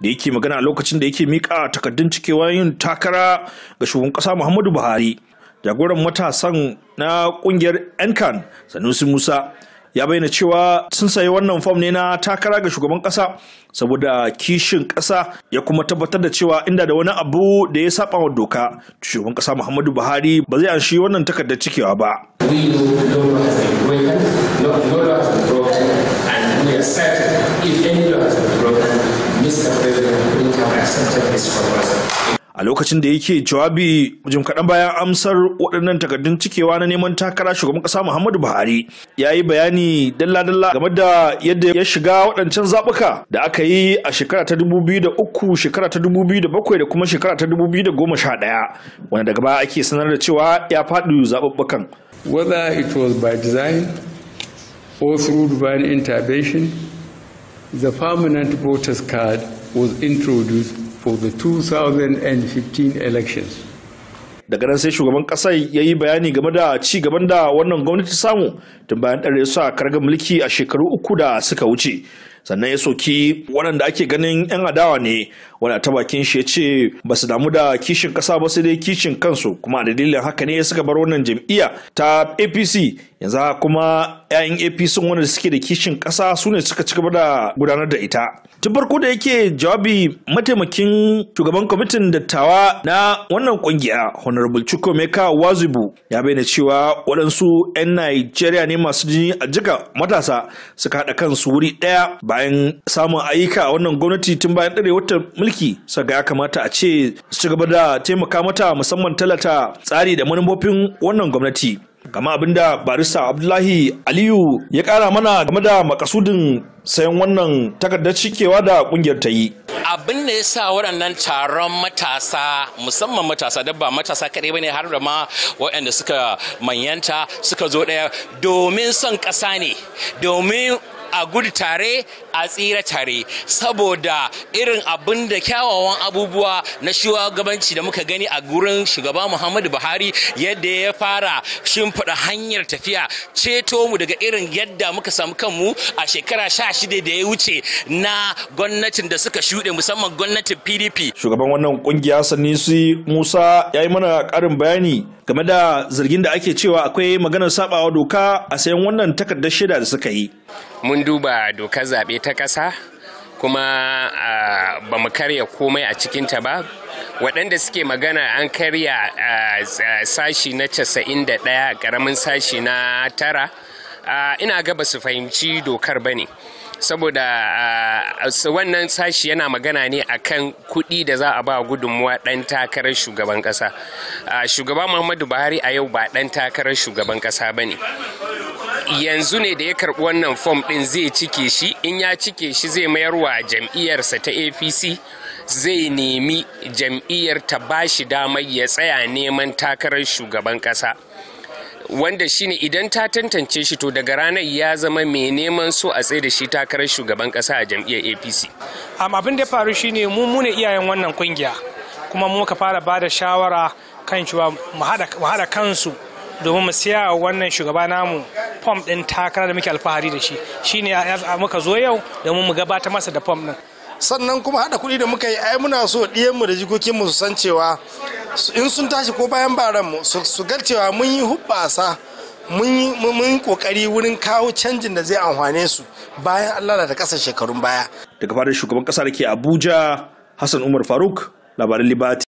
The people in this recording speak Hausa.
da yake magana a lokacin da yake mika takardun cikewa yin takara ga shugaban kasa muhammadu buhari jagoran matasan na kungiyar enkan sanusi musa ya bayyana cewa sun sayi wannan fom ne na takara ga shugaban ƙasa saboda kishin ƙasa ya kuma tabbatar da cewa inda da wani abu da ya saba wa doka shugaban kasa muhammadu buhari ba zai anshi wannan takardar cikewa ba We a lokacin da yake jawabi jim kaɗan bayan amsar waɗannan takardun cikewa na neman takara shugaban ƙasa muhammadu buhari ya yi bayani dalla-dalla game da yadda ya shiga waɗancan zaɓuka da aka yi a shekara ta uku, shekara ta biyu da kuma shekara ta ɗaya, wanda daga baya ake sanar da cewa ya faɗi zaɓuɓɓukan whether it was by design or through divine intervention the permanent voters card was introduced for the 2015 elections. daga nan sai shugaban kasar ya yi bayani game da ci gaban da wannan gwamnati samu tun bayan ɗare su a kargar mulki a shekaru uku da suka wuce sannan ya soki waɗanda ake ganin 'yan adawa ne wani ta bakin shi ya ce ba su damu da kishin ƙasa ba sai dai kishin kansu kuma a dalilin haka ne suka bar wannan jam'iyya ta apc yanzu kuma 'ya'yan apc wanda suke da kishin ƙasa su ne suka ci gaba da gudanar da ita tun farko da yake jawabi mataimakin shugaban kwamitin dattawa na wannan kungiya honorable chukwemeka wazibu ya bayyana cewa waɗansu 'yan najeriya ne masu jini a jika matasa suka haɗa kansu wuri ɗaya bayan samun ayyuka a wannan gwamnati tun bayan ɗare wata mulki saga ya kamata a ce su ci gaba da taimaka mata musamman talata tsari da manufofin wannan gwamnati kama abinda barista abdullahi aliyu ya kara mana game da makasudin sayan wannan takardar cikewa da kungiyar ta yi abin da ya sa waɗannan taron matasa musamman matasa dabba matasa kaɗai bane har da ma waɗanda suka manyanta suka zo ɗaya domin son ƙasa ne domin a gudu tare a tsira tare saboda irin abin da kyawawan abubuwa na shugabanci da muka gani a gurin shugaba muhammadu buhari yadda ya fara shimfiɗa hanyar tafiya ceto mu daga irin yadda muka samu kanmu a shekara sha shida da ya wuce na gwamnatin da suka shuɗe musamman gwamnatin pdp shugaban wannan kungiya su musa ya yi mana ƙarin bayani game da zargin da ake cewa akwai maganar sabawa doka a sayan wannan takardar shida da suka yi mun duba dokar zaɓe ta ƙasa kuma ba mu karya komai a cikinta ba waɗanda suke magana an karya sashi na casa'in da ɗaya ƙaramin sashi na tara ina ga ba su fahimci dokar ba ne saboda ah, ah, wannan sashi yana magana ne akan kuɗi da za a ba gudunmuwa ɗan takarar shugaban ƙasa ah, shugaba muhammadu buhari a yau ba ɗan takarar shugaban ƙasa ba ne yanzu ne da ya karɓi wannan fom ɗin zai cike shi in ya cike shi zai mayarwa jam'iyyarsa ta apc zai nemi jam'iyyar ta ba shi damar ya tsaya neman takarar shugaban ƙasa wanda shine idan ta tantance shi to daga ranar ya zama mai neman so a tsaye da shi takarar shugaban kasa a jam'iyyar apc abin da ya faru shine mu mune iyayen wannan kungiya kuma muka fara ba da shawara kan cewa mu haɗa kansu domin mu siya wannan shugaba namu fom ɗin takara da muke alfahari da shi shine muka zo yau domin mu gabata masa da fom ɗin sannan kuma haɗa kuɗi da muka yi ai muna so ɗiyanmu da jikokinmu su san cewa in sun tashi ko bayan baran mu su ga cewa mun yi hubbasa mun yi kokari wurin kawo canjin da zai amfane su bayan an lalata kasar shekarun baya daga fadar shugaban kasa da ke Abuja Hassan Umar Faruk labaran Libati